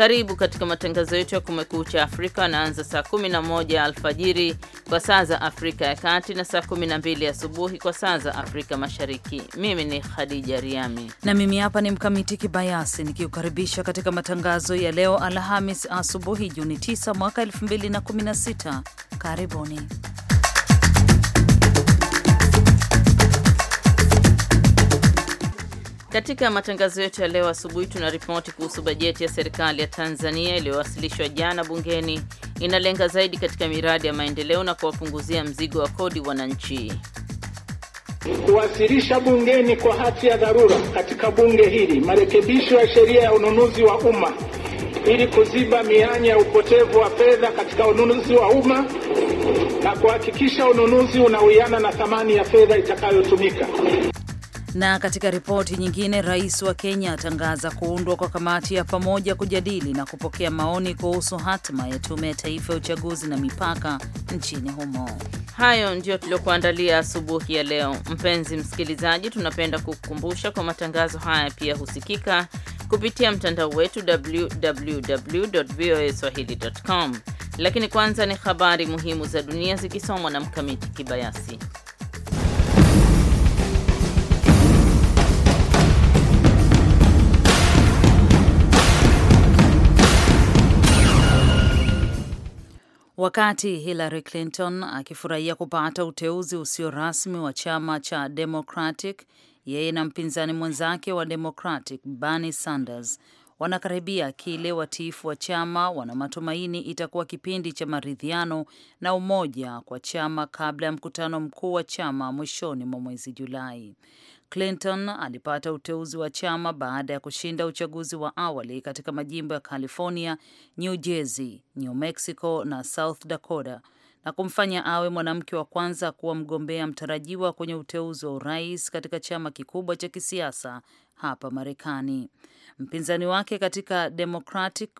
Karibu katika matangazo yetu ya kumekucha Afrika anaanza saa 11 alfajiri kwa saa za Afrika ya Kati na saa 12 asubuhi kwa saa za Afrika Mashariki. Mimi ni Khadija Riami na mimi hapa ni Mkamiti Kibayasi nikiukaribisha katika matangazo ya leo Alhamis asubuhi Juni 9 mwaka 2016. Karibuni. Katika matangazo yetu ya leo asubuhi, tuna ripoti kuhusu bajeti ya serikali ya Tanzania iliyowasilishwa jana bungeni, inalenga zaidi katika miradi ya maendeleo na kuwapunguzia mzigo wa kodi wananchi. Kuwasilisha bungeni kwa hati ya dharura katika bunge hili marekebisho ya sheria ya ununuzi wa umma ili kuziba mianya ya upotevu wa fedha katika ununuzi wa umma na kuhakikisha ununuzi unawiana na thamani ya fedha itakayotumika. Na katika ripoti nyingine, rais wa Kenya atangaza kuundwa kwa kamati ya pamoja kujadili na kupokea maoni kuhusu hatima ya tume ya taifa ya uchaguzi na mipaka nchini humo. Hayo ndiyo tuliokuandalia asubuhi ya leo. Mpenzi msikilizaji, tunapenda kukukumbusha kwa matangazo haya pia husikika kupitia mtandao wetu www.voaswahili.com. Lakini kwanza ni habari muhimu za dunia zikisomwa na Mkamiti Kibayasi. Wakati Hillary Clinton akifurahia kupata uteuzi usio rasmi wa chama cha Democratic, yeye na mpinzani mwenzake wa Democratic Bernie Sanders wanakaribia kile watiifu wa chama wana matumaini itakuwa kipindi cha maridhiano na umoja kwa chama kabla ya mkutano mkuu wa chama mwishoni mwa mwezi Julai. Clinton alipata uteuzi wa chama baada ya kushinda uchaguzi wa awali katika majimbo ya California, New Jersey, New Mexico na South Dakota na kumfanya awe mwanamke wa kwanza kuwa mgombea mtarajiwa kwenye uteuzi wa urais katika chama kikubwa cha kisiasa hapa Marekani. Mpinzani wake katika Democratic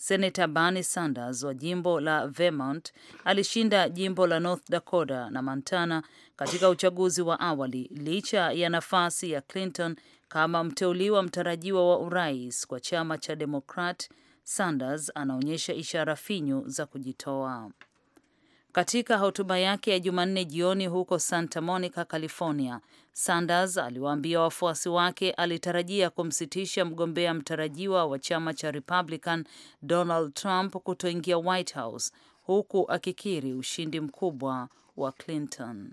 Senata Bernie Sanders wa jimbo la Vermont alishinda jimbo la North Dakota na Montana katika uchaguzi wa awali licha ya nafasi ya Clinton kama mteuliwa mtarajiwa wa urais kwa chama cha Demokrat. Sanders anaonyesha ishara finyu za kujitoa. Katika hotuba yake ya Jumanne jioni huko Santa Monica, California, Sanders aliwaambia wafuasi wake alitarajia kumsitisha mgombea mtarajiwa wa chama cha Republican Donald Trump kutoingia White House huku akikiri ushindi mkubwa wa Clinton.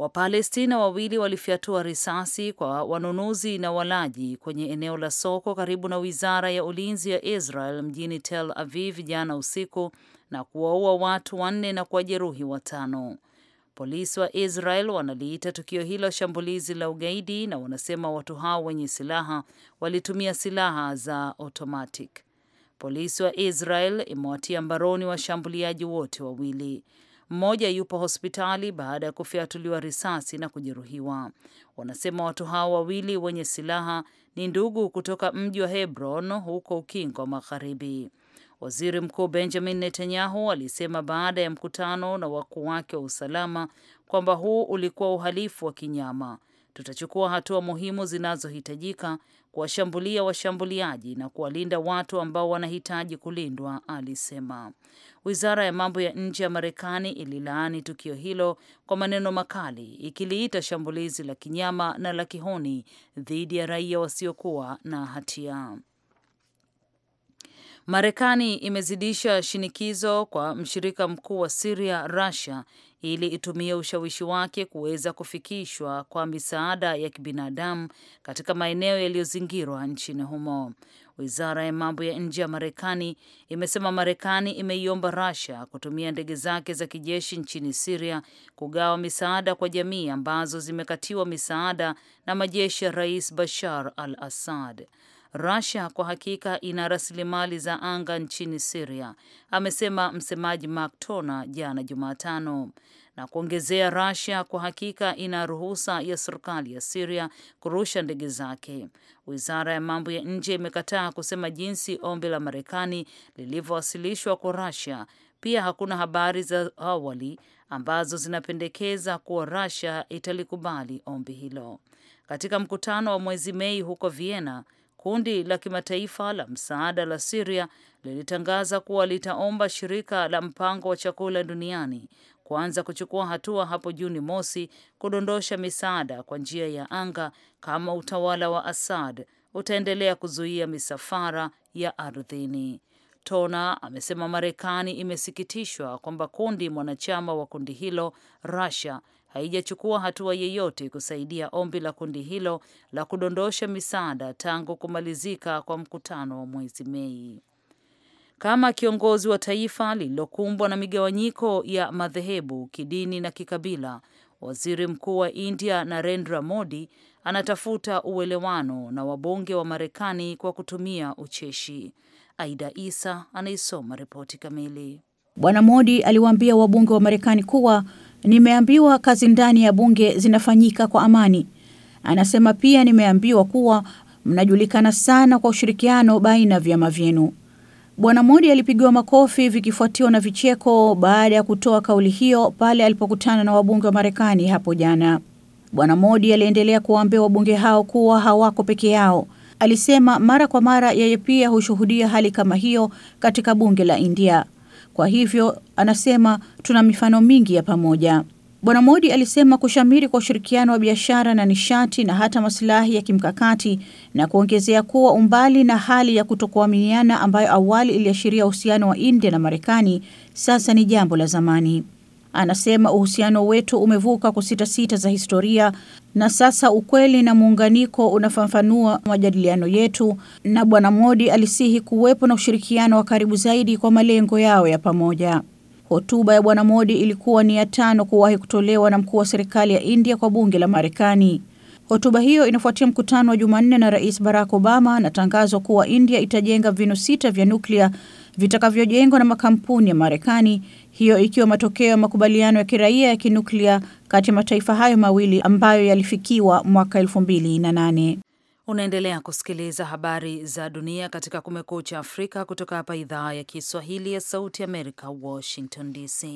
Wapalestina wawili walifyatua risasi kwa wanunuzi na walaji kwenye eneo la soko karibu na wizara ya ulinzi ya Israel mjini Tel Aviv jana usiku na kuwaua watu wanne na kuwajeruhi watano. Polisi wa Israel wanaliita tukio hilo shambulizi la ugaidi na wanasema watu hao wenye silaha walitumia silaha za automatic. Polisi wa Israel imewatia mbaroni washambuliaji wote wawili. Mmoja yupo hospitali baada ya kufyatuliwa risasi na kujeruhiwa. Wanasema watu hao wawili wenye silaha ni ndugu kutoka mji wa Hebron huko Ukingo wa Magharibi. Waziri Mkuu Benjamin Netanyahu alisema baada ya mkutano na wakuu wake wa usalama kwamba huu ulikuwa uhalifu wa kinyama tutachukua hatua muhimu zinazohitajika kuwashambulia washambuliaji na kuwalinda watu ambao wanahitaji kulindwa, alisema. Wizara ya mambo ya nje ya Marekani ililaani tukio hilo kwa maneno makali, ikiliita shambulizi la kinyama na la kihoni dhidi ya raia wasiokuwa na hatia. Marekani imezidisha shinikizo kwa mshirika mkuu wa Siria, Russia, ili itumie ushawishi wake kuweza kufikishwa kwa misaada ya kibinadamu katika maeneo yaliyozingirwa nchini humo. Wizara ya mambo ya nje ya Marekani imesema Marekani imeiomba Russia kutumia ndege zake za kijeshi nchini Siria kugawa misaada kwa jamii ambazo zimekatiwa misaada na majeshi ya Rais Bashar al-Assad. Russia kwa hakika ina rasilimali za anga nchini Syria, amesema msemaji Mark Toner jana Jumatano na kuongezea, Russia kwa hakika ina ruhusa ya serikali ya Syria kurusha ndege zake. Wizara ya mambo ya nje imekataa kusema jinsi ombi la Marekani lilivyowasilishwa kwa Russia. Pia hakuna habari za awali ambazo zinapendekeza kuwa Russia italikubali ombi hilo. Katika mkutano wa mwezi Mei huko Vienna, Kundi la kimataifa la msaada la Siria lilitangaza kuwa litaomba shirika la mpango wa chakula duniani kuanza kuchukua hatua hapo Juni mosi kudondosha misaada kwa njia ya anga kama utawala wa Assad utaendelea kuzuia misafara ya ardhini. Tona amesema Marekani imesikitishwa kwamba kundi mwanachama wa kundi hilo Russia haijachukua hatua yeyote kusaidia ombi la kundi hilo la kudondosha misaada tangu kumalizika kwa mkutano wa mwezi Mei. Kama kiongozi wa taifa lililokumbwa na migawanyiko ya madhehebu, kidini na kikabila, waziri mkuu wa India Narendra Modi anatafuta uelewano na wabunge wa Marekani kwa kutumia ucheshi. Aida Isa anaisoma ripoti kamili. Bwana Modi aliwaambia wabunge wa Marekani kuwa Nimeambiwa kazi ndani ya bunge zinafanyika kwa amani. Anasema pia nimeambiwa kuwa mnajulikana sana kwa ushirikiano baina ya vyama vyenu. Bwana Modi alipigiwa makofi vikifuatiwa na vicheko baada ya kutoa kauli hiyo pale alipokutana na wabunge wa Marekani hapo jana. Bwana Modi aliendelea kuwaambia wabunge hao kuwa hawako peke yao. Alisema mara kwa mara yeye pia hushuhudia hali kama hiyo katika bunge la India. Kwa hivyo anasema tuna mifano mingi ya pamoja. Bwana Modi alisema kushamiri kwa ushirikiano wa biashara na nishati na hata masilahi ya kimkakati na kuongezea kuwa umbali na hali ya kutokuaminiana ambayo awali iliashiria uhusiano wa India na Marekani sasa ni jambo la zamani. Anasema uhusiano wetu umevuka kusitasita za historia na sasa ukweli na muunganiko unafafanua majadiliano yetu, na Bwana Modi alisihi kuwepo na ushirikiano wa karibu zaidi kwa malengo yao ya pamoja. Hotuba ya Bwana Modi ilikuwa ni ya tano kuwahi kutolewa na mkuu wa serikali ya India kwa bunge la Marekani. Hotuba hiyo inafuatia mkutano wa Jumanne na Rais Barack Obama na tangazo kuwa India itajenga vinu sita vya nuklia vitakavyojengwa na makampuni ya Marekani, hiyo ikiwa matokeo ya makubaliano ya kiraia ya kinuklia kati ya mataifa hayo mawili ambayo yalifikiwa mwaka nane. Unaendelea kusikiliza habari za dunia katika Kumekucha Afrika kutoka hapa idhaa ya Kiswahili ya Sauti Amerika, Washington DC.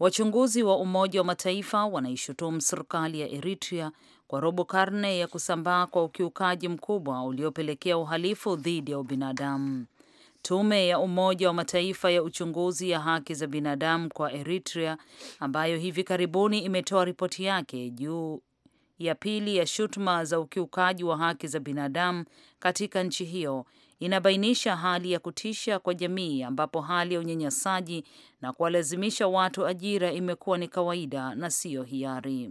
Wachunguzi wa Umoja wa Mataifa wanaishutumu serikali ya Eritrea kwa robo karne ya kusambaa kwa ukiukaji mkubwa uliopelekea uhalifu dhidi ya ubinadamu. Tume ya Umoja wa Mataifa ya uchunguzi ya haki za binadamu kwa Eritrea ambayo hivi karibuni imetoa ripoti yake juu ya pili ya shutuma za ukiukaji wa haki za binadamu katika nchi hiyo inabainisha hali ya kutisha kwa jamii ambapo hali ya unyanyasaji na kuwalazimisha watu ajira imekuwa ni kawaida na siyo hiari.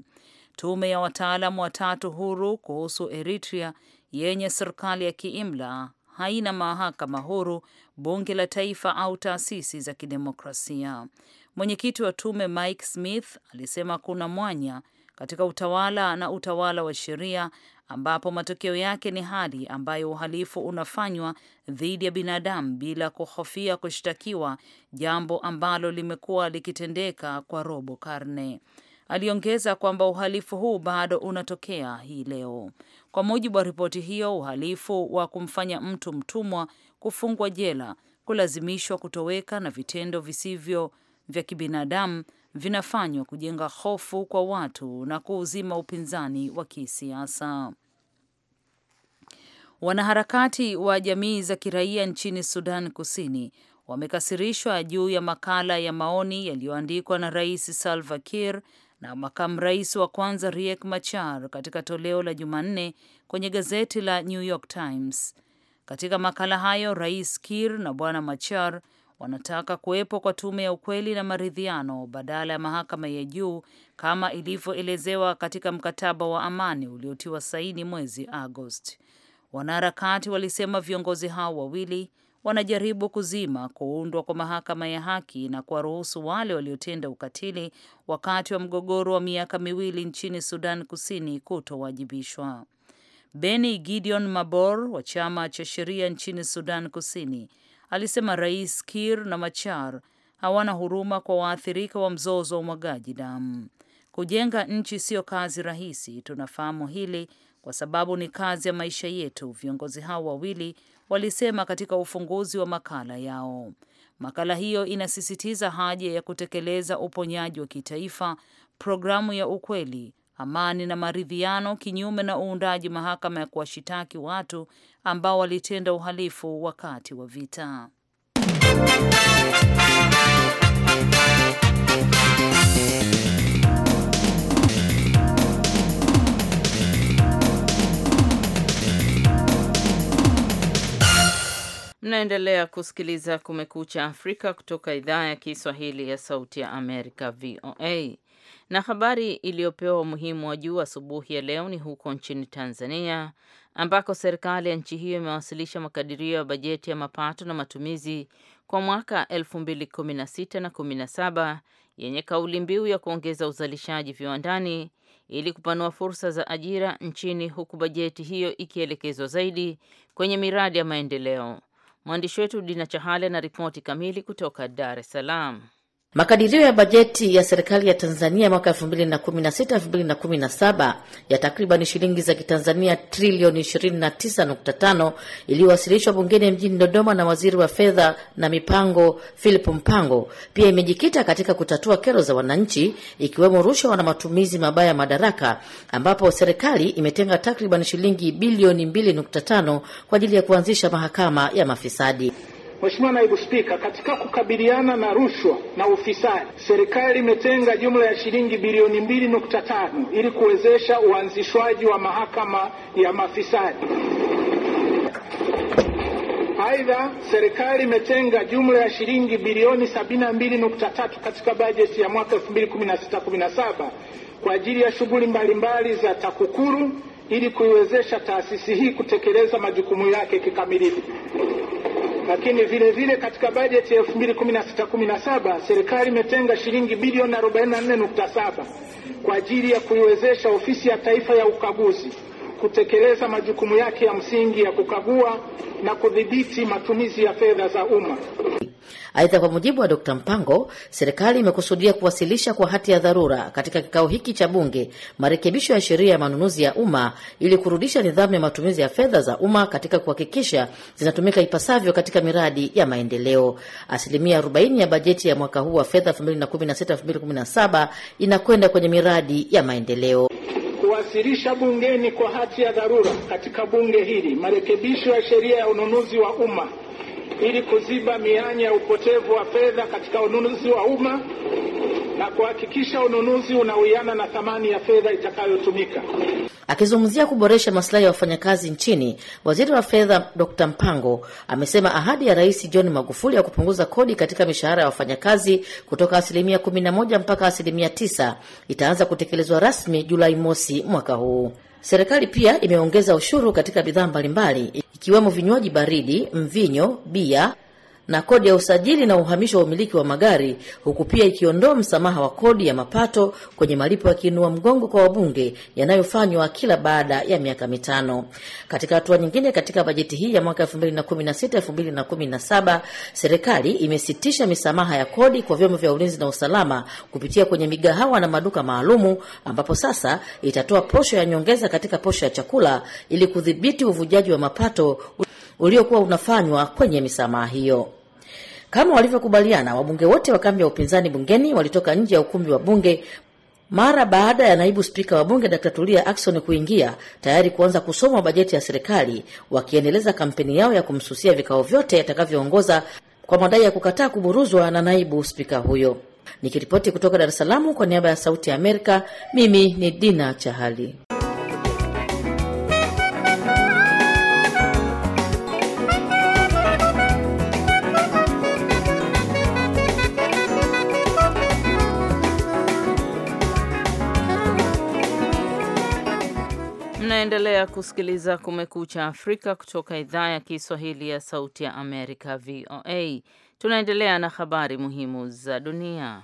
Tume ya wataalamu watatu huru kuhusu Eritrea yenye serikali ya kiimla haina mahakama huru, bunge la taifa au taasisi za kidemokrasia. Mwenyekiti wa tume Mike Smith alisema kuna mwanya katika utawala na utawala wa sheria ambapo matokeo yake ni hali ambayo uhalifu unafanywa dhidi ya binadamu bila kuhofia kushtakiwa, jambo ambalo limekuwa likitendeka kwa robo karne. Aliongeza kwamba uhalifu huu bado unatokea hii leo. Kwa mujibu wa ripoti hiyo, uhalifu wa kumfanya mtu mtumwa, kufungwa jela, kulazimishwa kutoweka na vitendo visivyo vya kibinadamu vinafanywa kujenga hofu kwa watu na kuuzima upinzani wa kisiasa. Wanaharakati wa jamii za kiraia nchini Sudan Kusini wamekasirishwa juu ya makala ya maoni yaliyoandikwa na Rais Salva Kiir na makamu rais wa kwanza Riek Machar katika toleo la Jumanne kwenye gazeti la New York Times. Katika makala hayo, Rais Kir na Bwana Machar wanataka kuwepo kwa tume ya ukweli na maridhiano badala ya mahakama ya juu kama ilivyoelezewa katika mkataba wa amani uliotiwa saini mwezi Agosti. Wanaharakati walisema viongozi hao wawili wanajaribu kuzima kuundwa kwa mahakama ya haki na kuwaruhusu wale waliotenda ukatili wakati wa mgogoro wa miaka miwili nchini Sudan Kusini kutowajibishwa. Beni Gideon Mabor wa chama cha sheria nchini Sudan Kusini alisema Rais Kir na Machar hawana huruma kwa waathirika wa mzozo wa umwagaji damu. Kujenga nchi siyo kazi rahisi, tunafahamu hili kwa sababu ni kazi ya maisha yetu. Viongozi hao wawili walisema katika ufunguzi wa makala yao. Makala hiyo inasisitiza haja ya kutekeleza uponyaji wa kitaifa, programu ya ukweli, amani na maridhiano, kinyume na uundaji mahakama ya kuwashitaki watu ambao walitenda uhalifu wakati wa vita. Mnaendelea kusikiliza Kumekucha Afrika kutoka idhaa ya Kiswahili ya Sauti ya Amerika, VOA. Na habari iliyopewa umuhimu wa juu asubuhi ya leo ni huko nchini Tanzania, ambako serikali ya nchi hiyo imewasilisha makadirio ya bajeti ya mapato na matumizi kwa mwaka 2016 na 17 yenye kauli mbiu ya kuongeza uzalishaji viwandani ili kupanua fursa za ajira nchini, huku bajeti hiyo ikielekezwa zaidi kwenye miradi ya maendeleo. Mwandishi wetu Dina Chahale na ripoti kamili kutoka Dar es Salaam. Makadirio ya bajeti ya serikali ya Tanzania mwaka 2016 2017 ya takriban shilingi za Kitanzania trilioni 29.5 iliyowasilishwa bungeni mjini Dodoma na waziri wa fedha na mipango Philip Mpango pia imejikita katika kutatua kero za wananchi ikiwemo rushwa na matumizi mabaya ya madaraka, ambapo serikali imetenga takriban shilingi bilioni 2.5 kwa ajili ya kuanzisha mahakama ya mafisadi. Mheshimiwa Naibu Spika, katika kukabiliana na rushwa na ufisadi, serikali imetenga jumla ya shilingi bilioni mbili nukta tano ili kuwezesha uanzishwaji wa mahakama ya mafisadi. Aidha, serikali imetenga jumla ya shilingi bilioni 72.3 katika bajeti ya mwaka na saba kwa ajili ya shughuli mbalimbali za TAKUKURU ili kuiwezesha taasisi hii kutekeleza majukumu yake kikamilifu. Lakini vile vile katika bajeti ya 2016/17 serikali imetenga shilingi bilioni 44.7 kwa ajili ya kuiwezesha ofisi ya taifa ya ukaguzi kutekeleza majukumu yake ya msingi ya kukagua na kudhibiti matumizi ya fedha za umma. Aidha, kwa mujibu wa Dkt. Mpango, serikali imekusudia kuwasilisha kwa hati ya dharura katika kikao hiki cha Bunge marekebisho ya sheria ya manunuzi ya umma ili kurudisha nidhamu ya matumizi ya fedha za umma katika kuhakikisha zinatumika ipasavyo katika miradi ya maendeleo. Asilimia 40 ya bajeti ya mwaka huu wa fedha 2016/2017 inakwenda kwenye miradi ya maendeleo. Kuwasilisha bungeni kwa hati ya dharura katika bunge hili marekebisho ya sheria ya ununuzi wa umma ili kuziba mianya ya upotevu wa fedha katika ununuzi wa umma na kuhakikisha ununuzi unawiana na thamani ya fedha itakayotumika. Akizungumzia kuboresha maslahi ya wafanyakazi nchini, waziri wa fedha Dr. Mpango amesema ahadi ya Rais John Magufuli ya kupunguza kodi katika mishahara ya wafanyakazi kutoka asilimia 11 mpaka asilimia 9 itaanza kutekelezwa rasmi Julai mosi mwaka huu. Serikali pia imeongeza ushuru katika bidhaa mbalimbali ikiwemo vinywaji baridi, mvinyo, bia na kodi ya usajili na uhamisho wa umiliki wa magari, huku pia ikiondoa msamaha wa kodi ya mapato kwenye malipo ya kiinua mgongo kwa wabunge yanayofanywa kila baada ya miaka mitano. Katika hatua nyingine, katika bajeti hii ya mwaka 2016 2017 serikali imesitisha misamaha ya kodi kwa vyombo vya ulinzi na usalama kupitia kwenye migahawa na maduka maalumu, ambapo sasa itatoa posho ya nyongeza katika posho ya chakula ili kudhibiti uvujaji wa mapato uliokuwa unafanywa kwenye misamaha hiyo. Kama walivyokubaliana, wabunge wote wa kambi ya upinzani bungeni walitoka nje ya ukumbi wa bunge mara baada ya naibu spika wa bunge Dkt. Tulia Ackson kuingia tayari kuanza kusomwa bajeti ya serikali, wakiendeleza kampeni yao ya kumsusia vikao vyote atakavyoongoza kwa madai ya kukataa kuburuzwa na naibu spika huyo. Nikiripoti kutoka Dar es Salaam kwa niaba ya Sauti ya Amerika, mimi ni Dina Chahali. Unaendelea kusikiliza Kumekucha Afrika kutoka idhaa ya Kiswahili ya Sauti ya Amerika, VOA. Tunaendelea na habari muhimu za dunia.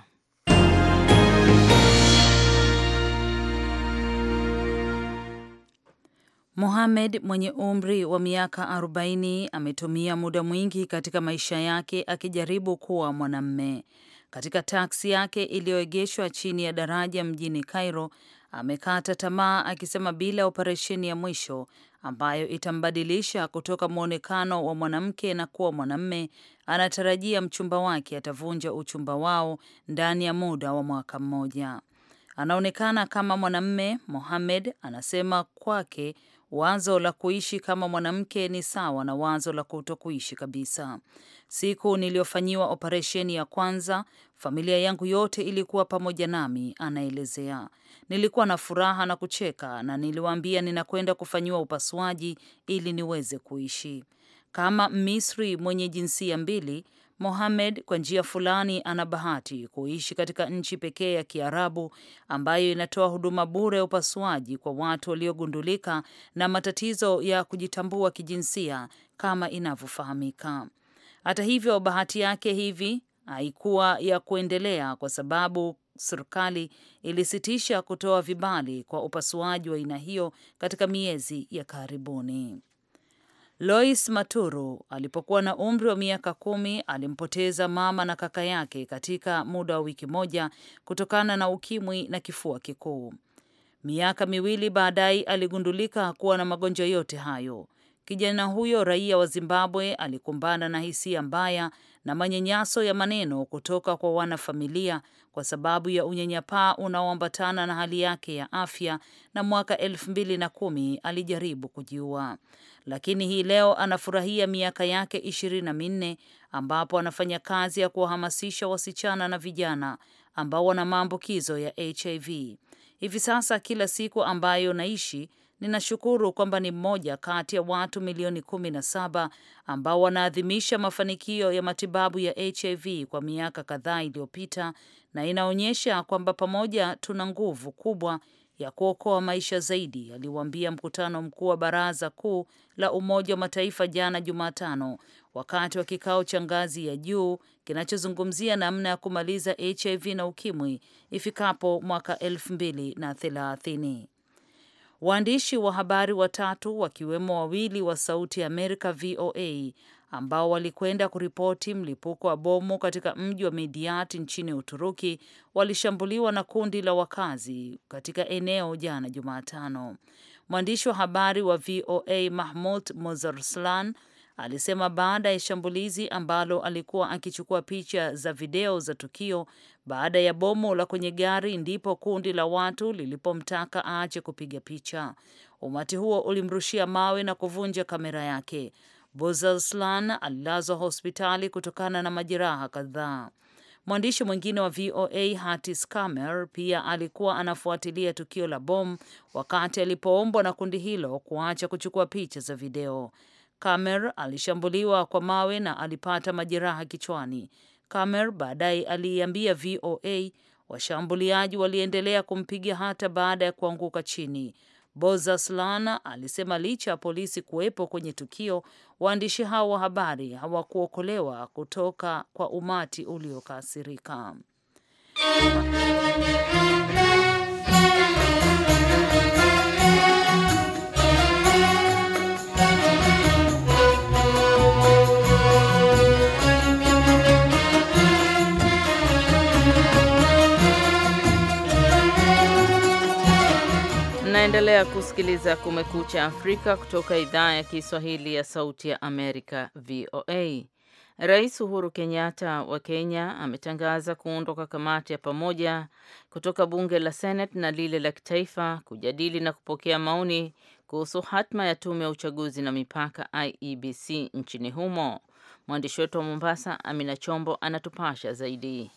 Mohamed mwenye umri wa miaka 40 ametumia muda mwingi katika maisha yake akijaribu kuwa mwanamme. Katika taksi yake iliyoegeshwa chini ya daraja mjini Cairo, amekata tamaa akisema bila operesheni ya mwisho ambayo itambadilisha kutoka mwonekano wa mwanamke na kuwa mwanamme, anatarajia mchumba wake atavunja uchumba wao ndani ya muda wa mwaka mmoja. Anaonekana kama mwanamme. Mohamed anasema kwake Wazo la kuishi kama mwanamke ni sawa na wazo la kutokuishi kabisa. Siku niliyofanyiwa operesheni ya kwanza, familia yangu yote ilikuwa pamoja nami, anaelezea. Nilikuwa na furaha na kucheka, na niliwaambia ninakwenda kufanyiwa upasuaji ili niweze kuishi. Kama misri mwenye jinsia mbili, Mohamed kwa njia fulani ana bahati kuishi katika nchi pekee ya Kiarabu ambayo inatoa huduma bure ya upasuaji kwa watu waliogundulika na matatizo ya kujitambua kijinsia kama inavyofahamika. Hata hivyo, bahati yake hivi haikuwa ya kuendelea kwa sababu serikali ilisitisha kutoa vibali kwa upasuaji wa aina hiyo katika miezi ya karibuni. Lois Maturu alipokuwa na umri wa miaka kumi alimpoteza mama na kaka yake katika muda wa wiki moja kutokana na ukimwi na kifua kikuu. Miaka miwili baadaye aligundulika kuwa na magonjwa yote hayo. Kijana huyo raia wa Zimbabwe alikumbana na hisia mbaya na manyanyaso ya maneno kutoka kwa wanafamilia kwa sababu ya unyanyapaa unaoambatana na hali yake ya afya, na mwaka elfu mbili na kumi alijaribu kujiua, lakini hii leo anafurahia miaka yake ishirini na minne ambapo anafanya kazi ya kuwahamasisha wasichana na vijana ambao wana maambukizo ya HIV. Hivi sasa kila siku ambayo naishi Ninashukuru kwamba ni mmoja kati ya watu milioni saba ambao wanaadhimisha mafanikio ya matibabu ya HIV kwa miaka kadhaa iliyopita, na inaonyesha kwamba pamoja tuna nguvu kubwa ya kuokoa maisha zaidi, aliwaambia mkutano mkuu wa Baraza Kuu la Umoja wa Mataifa jana Jumatano, wakati wa kikao cha ngazi ya juu kinachozungumzia namna ya kumaliza HIV na ukimwi ifikapo mwaka elfu mbili na thelathini. Waandishi wa habari watatu wakiwemo wawili wa Sauti Amerika VOA ambao walikwenda kuripoti mlipuko wa bomu katika mji wa Midiat nchini Uturuki walishambuliwa na kundi la wakazi katika eneo jana Jumatano. Mwandishi wa habari wa VOA Mahmud Mozarslan alisema baada ya shambulizi ambalo alikuwa akichukua picha za video za tukio baada ya bomu la kwenye gari ndipo kundi la watu lilipomtaka aache kupiga picha. Umati huo ulimrushia mawe na kuvunja kamera yake. Bozelslan alilazwa hospitali kutokana na majeraha kadhaa. Mwandishi mwingine wa VOA Hatis Kamer pia alikuwa anafuatilia tukio la bomu wakati alipoombwa na kundi hilo kuacha kuchukua picha za video. Kamer alishambuliwa kwa mawe na alipata majeraha kichwani. Kamer baadaye aliiambia VOA washambuliaji waliendelea kumpiga hata baada ya kuanguka chini. Bozaslana alisema licha ya polisi kuwepo kwenye tukio, waandishi hao wa habari hawakuokolewa kutoka kwa umati uliokasirika. Unaendelea kusikiliza Kumekucha Afrika kutoka idhaa ya Kiswahili ya Sauti ya Amerika, VOA. Rais Uhuru Kenyatta wa Kenya ametangaza kuundwa kwa kamati ya pamoja kutoka bunge la Senate na lile la kitaifa kujadili na kupokea maoni kuhusu hatma ya tume ya uchaguzi na mipaka IEBC nchini humo. Mwandishi wetu wa Mombasa, Amina Chombo, anatupasha zaidi.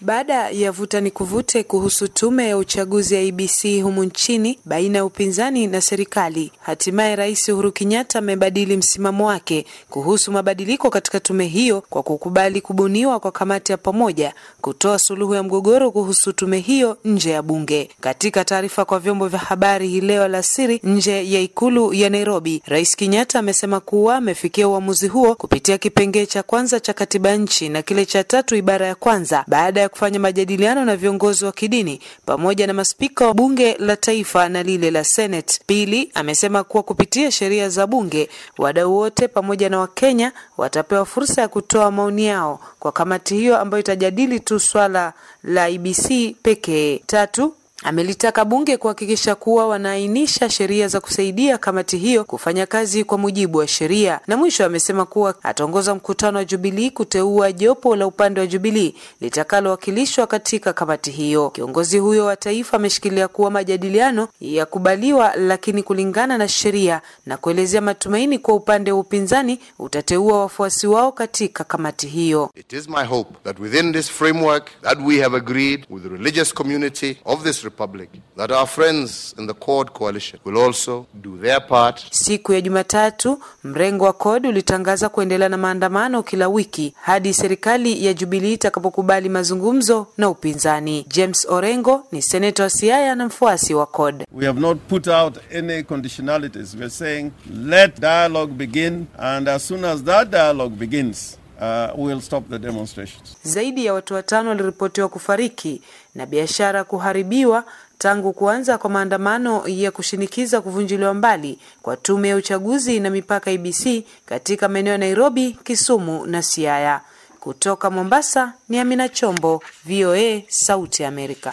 Baada ya vuta ni kuvute kuhusu tume ya uchaguzi ya IBC e humu nchini baina ya upinzani na serikali, hatimaye Rais Uhuru Kenyatta amebadili msimamo wake kuhusu mabadiliko katika tume hiyo kwa kukubali kubuniwa kwa kamati ya pamoja kutoa suluhu ya mgogoro kuhusu tume hiyo nje ya bunge. Katika taarifa kwa vyombo vya habari hii leo alasiri nje ya ikulu ya Nairobi, Rais Kenyatta amesema kuwa amefikia uamuzi huo kupitia kipengee cha kwanza cha katiba nchi na kile cha tatu ibara ya kwanza baada ya kufanya majadiliano na viongozi wa kidini pamoja na maspika wa bunge la taifa na lile la Senate. Pili, amesema kuwa kupitia sheria za bunge wadau wote pamoja na Wakenya watapewa fursa ya kutoa maoni yao kwa kamati hiyo ambayo itajadili tu swala la IBC pekee. Tatu, Amelitaka bunge kuhakikisha kuwa wanaainisha sheria za kusaidia kamati hiyo kufanya kazi kwa mujibu wa sheria. Na mwisho amesema kuwa ataongoza mkutano wa Jubilii kuteua jopo la upande wa Jubilii litakalowakilishwa katika kamati hiyo. Kiongozi huyo wa taifa ameshikilia kuwa majadiliano yakubaliwa, lakini kulingana na sheria, na kuelezea matumaini kwa upande wa upinzani utateua wafuasi wao katika kamati hiyo. It is my hope that within this framework that we have agreed with the religious community of this public that our friends in the CORD coalition will also do their part. Siku ya Jumatatu, mrengo wa CORD ulitangaza kuendelea na maandamano kila wiki hadi serikali ya Jubilee itakapokubali mazungumzo na upinzani. James Orengo ni seneta wa Siaya na mfuasi wa CORD. We have not put out any conditionalities. We are saying let dialogue begin and as soon as that dialogue begins Uh, we'll stop the demonstrations. Zaidi ya watu watano waliripotiwa kufariki na biashara kuharibiwa tangu kuanza kwa maandamano ya kushinikiza kuvunjiliwa mbali kwa tume ya uchaguzi na mipaka IBC katika maeneo ya Nairobi, Kisumu na Siaya. Kutoka Mombasa ni Amina Chombo, VOA, Sauti ya Amerika.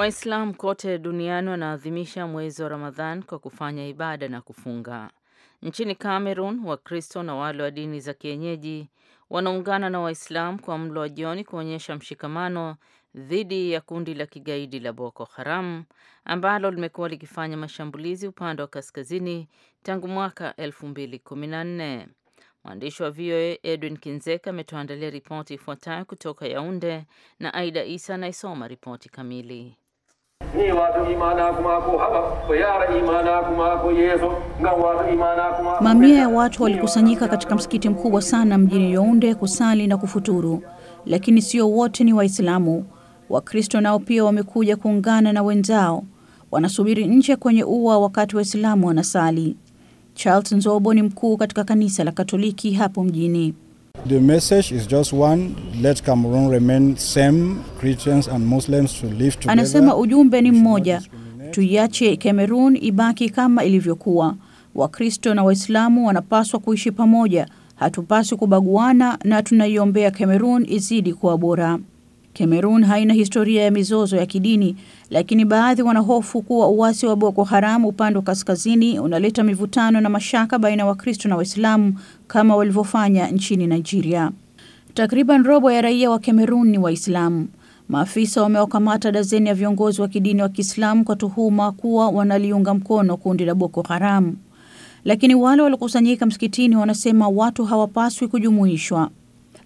Waislamu kote duniani wanaadhimisha mwezi wa Ramadhan kwa kufanya ibada na kufunga. Nchini Cameroon, Wakristo na wale wa dini za kienyeji wanaungana na Waislamu kwa mlo wa jioni kuonyesha mshikamano dhidi ya kundi la kigaidi la Boko Haram ambalo limekuwa likifanya mashambulizi upande wa kaskazini tangu mwaka 2014. Mwandishi wa VOA Edwin Kinzeka ametuandalia ripoti ifuatayo kutoka Yaunde na Aida Isa anaisoma ripoti kamili ni watu imanakum ako haba wayara imanakum ako yeso nga watu imana ako mamia ya watu walikusanyika katika msikiti mkubwa sana mjini Yaounde kusali na kufuturu, lakini sio wote ni Waislamu. Wakristo nao pia wamekuja kuungana na wenzao, wanasubiri nje kwenye ua wakati Waislamu wanasali. Charles Nzobo ni mkuu katika kanisa la Katoliki hapo mjini. The message is just one, let Cameroon remain same, Christians and Muslims to live together. Anasema ujumbe ni mmoja, tuiache Cameroon ibaki kama ilivyokuwa. Wakristo na Waislamu wanapaswa kuishi pamoja, hatupaswi kubaguana na tunaiombea Cameroon izidi kuwa bora. Kamerun haina historia ya mizozo ya kidini, lakini baadhi wanahofu kuwa uasi wa Boko haram upande wa kaskazini unaleta mivutano na mashaka baina ya Wakristo na Waislamu kama walivyofanya nchini Nigeria. Takriban robo ya raia wa Kamerun ni Waislamu. Maafisa wamewakamata dazeni ya viongozi wa kidini wa Kiislamu kwa tuhuma kuwa wanaliunga mkono kundi la Boko haram lakini wale waliokusanyika msikitini wanasema watu hawapaswi kujumuishwa.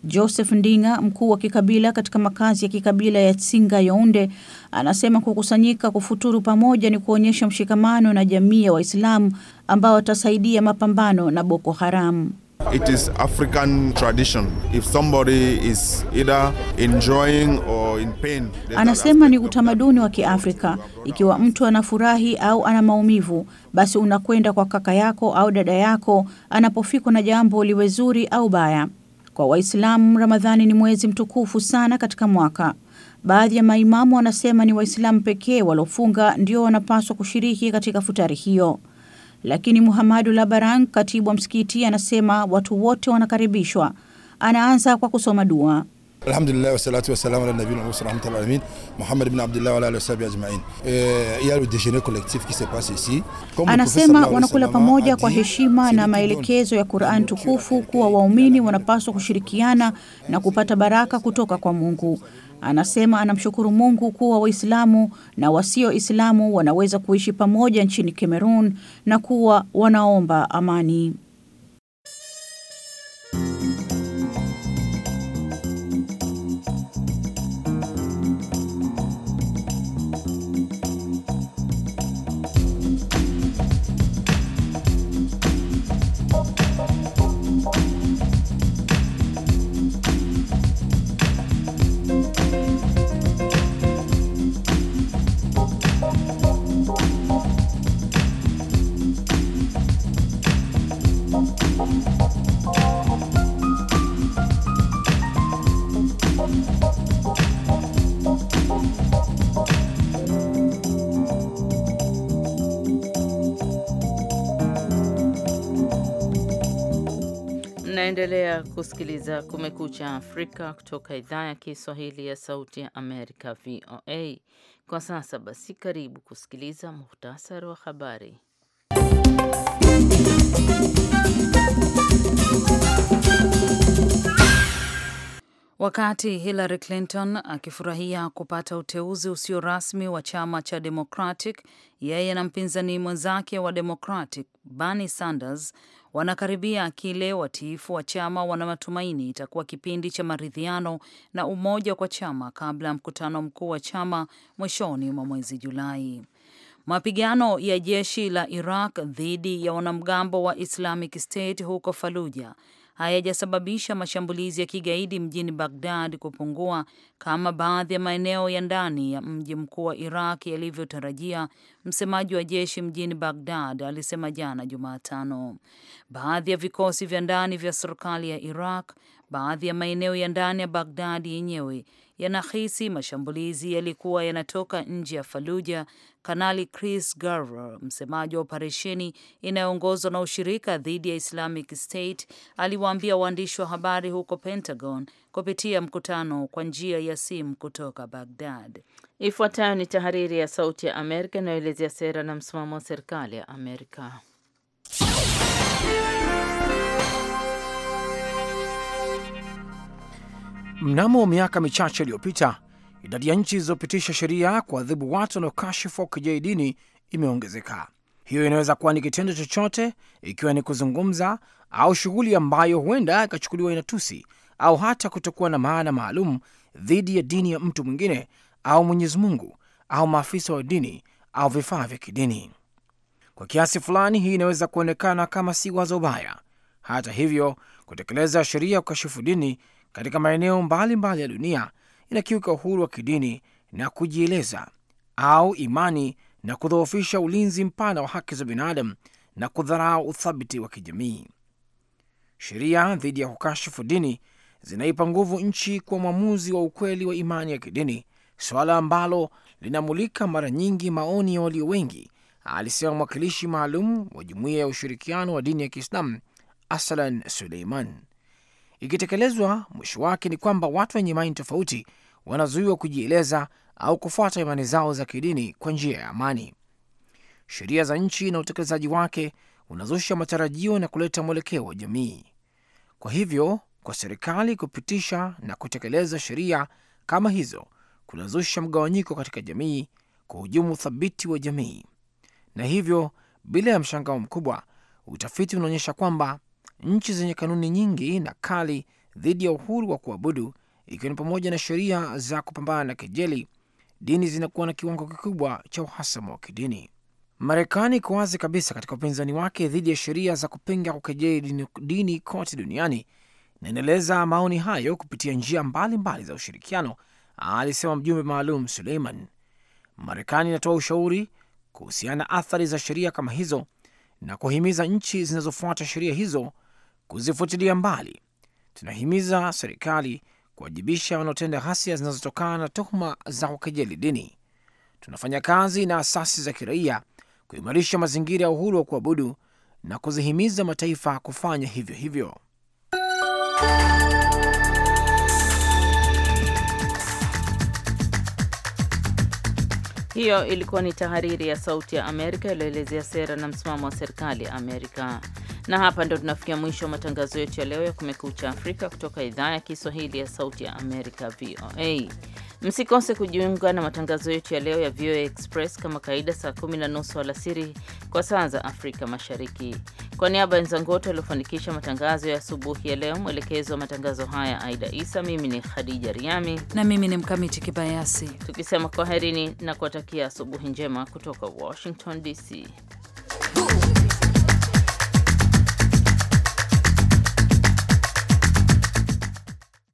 Joseph Ndinga, mkuu wa kikabila katika makazi ya kikabila ya Tsinga Yaunde, anasema kukusanyika kufuturu pamoja ni kuonyesha mshikamano na jamii ya Waislamu ambao watasaidia mapambano na Boko Haram. It is African tradition. If somebody is either enjoying or in pain, anasema ni utamaduni wa Kiafrika. Ikiwa mtu anafurahi au ana maumivu, basi unakwenda kwa kaka yako au dada yako anapofikwa na jambo liwe zuri au baya. Kwa Waislamu, Ramadhani ni mwezi mtukufu sana katika mwaka. Baadhi ya maimamu wanasema ni Waislamu pekee waliofunga ndio wanapaswa kushiriki katika futari hiyo, lakini Muhamadu Labaran, katibu wa msikiti, anasema watu wote wanakaribishwa. Anaanza kwa kusoma dua. Alhamdulillah wa salatu wa salam ala nabi alamin Muhammad ibn Abdullah wa ala alihi ajma'in. Eh, il y a le déjeuner collectif qui se passe ici. Anasema wanakula pamoja kwa heshima na maelekezo ya Qur'an tukufu kuwa waumini wanapaswa kushirikiana na kupata baraka kutoka kwa Mungu. Anasema anamshukuru Mungu kuwa Waislamu na wasioislamu wanaweza kuishi pamoja nchini Cameroon na kuwa wanaomba amani. Mnaendelea kusikiliza Kumekucha Afrika kutoka idhaa ya Kiswahili ya Sauti ya Amerika, VOA. Kwa sasa basi, karibu kusikiliza muhtasari wa habari. Wakati Hillary Clinton akifurahia kupata uteuzi usio rasmi wa chama cha Democratic, yeye na mpinzani mwenzake wa Democratic Bernie Sanders wanakaribia kile watiifu wa chama wana matumaini itakuwa kipindi cha maridhiano na umoja kwa chama kabla ya mkutano mkuu wa chama mwishoni mwa mwezi Julai. Mapigano ya jeshi la Iraq dhidi ya wanamgambo wa Islamic State huko Faluja hayajasababisha mashambulizi ya kigaidi mjini Bagdad kupungua kama baadhi ya maeneo ya ndani ya mji mkuu wa Iraq yalivyotarajia, msemaji wa jeshi mjini Bagdad alisema jana Jumatano. Baadhi ya vikosi vya ndani vya serikali ya Iraq, baadhi ya maeneo ya ndani ya Bagdad yenyewe yanahisi mashambulizi yalikuwa yanatoka nje ya Faluja Kanali Chris Garver, msemaji wa operesheni inayoongozwa na ushirika dhidi ya Islamic State, aliwaambia waandishi wa habari huko Pentagon kupitia mkutano kwa njia ya simu kutoka bagdad Ifuatayo ni tahariri ya Sauti ya Amerika inayoelezea sera na msimamo wa serikali ya Amerika. Mnamo miaka michache iliyopita idadi ya nchi zilizopitisha sheria kuadhibu watu wanaokashifu wakijai dini imeongezeka. Hiyo inaweza kuwa ni kitendo chochote, ikiwa ni kuzungumza au shughuli ambayo huenda ikachukuliwa inatusi au hata kutokuwa na maana maalum dhidi ya dini ya mtu mwingine au Mwenyezi Mungu au maafisa wa dini au vifaa vya kidini. Kwa kiasi fulani, hii inaweza kuonekana kama si wazo baya. Hata hivyo, kutekeleza sheria ya kukashifu dini katika maeneo mbalimbali ya dunia inakiuka uhuru wa kidini na kujieleza au imani na kudhoofisha ulinzi mpana wa haki za binadamu na kudharau uthabiti wa kijamii. Sheria dhidi ya kukashifu dini zinaipa nguvu nchi kwa mwamuzi wa ukweli wa imani ya kidini, suala ambalo linamulika mara nyingi maoni ya walio wengi, alisema mwakilishi maalum wa Jumuiya ya Ushirikiano wa Dini ya Kiislamu Asalan Suleiman. Ikitekelezwa, mwisho wake ni kwamba watu wenye imani tofauti wanazuiwa kujieleza au kufuata imani zao za kidini kwa njia ya amani. Sheria za nchi na utekelezaji wake unazusha matarajio na kuleta mwelekeo wa jamii. Kwa hivyo, kwa serikali kupitisha na kutekeleza sheria kama hizo kunazusha mgawanyiko katika jamii, kuhujumu uthabiti wa jamii, na hivyo bila ya mshangao mkubwa, utafiti unaonyesha kwamba nchi zenye kanuni nyingi na kali dhidi ya uhuru wa kuabudu, ikiwa ni pamoja na sheria za kupambana na kejeli, dini zinakuwa na kiwango kikubwa cha uhasama wa kidini. Marekani iko wazi kabisa katika upinzani wake dhidi ya sheria za kupinga kukejeli dini kote duniani na inaeleza maoni hayo kupitia njia mbalimbali mbali za ushirikiano, alisema mjumbe maalum Suleiman. Marekani inatoa ushauri kuhusiana athari za sheria kama hizo na kuhimiza nchi zinazofuata sheria hizo kuzifutilia mbali. Tunahimiza serikali kuwajibisha wanaotenda ghasia zinazotokana na tuhuma za kukejeli dini. Tunafanya kazi na asasi za kiraia kuimarisha mazingira ya uhuru wa kuabudu na kuzihimiza mataifa kufanya hivyo hivyo. Hiyo ilikuwa ni tahariri ya Sauti ya Amerika iliyoelezea sera na msimamo wa serikali ya Amerika. Na hapa ndo tunafikia mwisho wa matangazo yetu ya leo ya Kumekucha Afrika kutoka idhaa ya Kiswahili ya Sauti ya Amerika, VOA. Msikose kujiunga na matangazo yetu ya leo ya VOA Express kama kawaida, saa kumi na nusu alasiri kwa saa za Afrika Mashariki. Kwa niaba ya wenzangu wote waliofanikisha matangazo ya asubuhi ya leo, mwelekezo wa matangazo haya Aida Isa, mimi ni Khadija Riami na mimi ni Mkamiti Kibayasi, tukisema kwaherini na kuwatakia asubuhi njema kutoka Washington DC.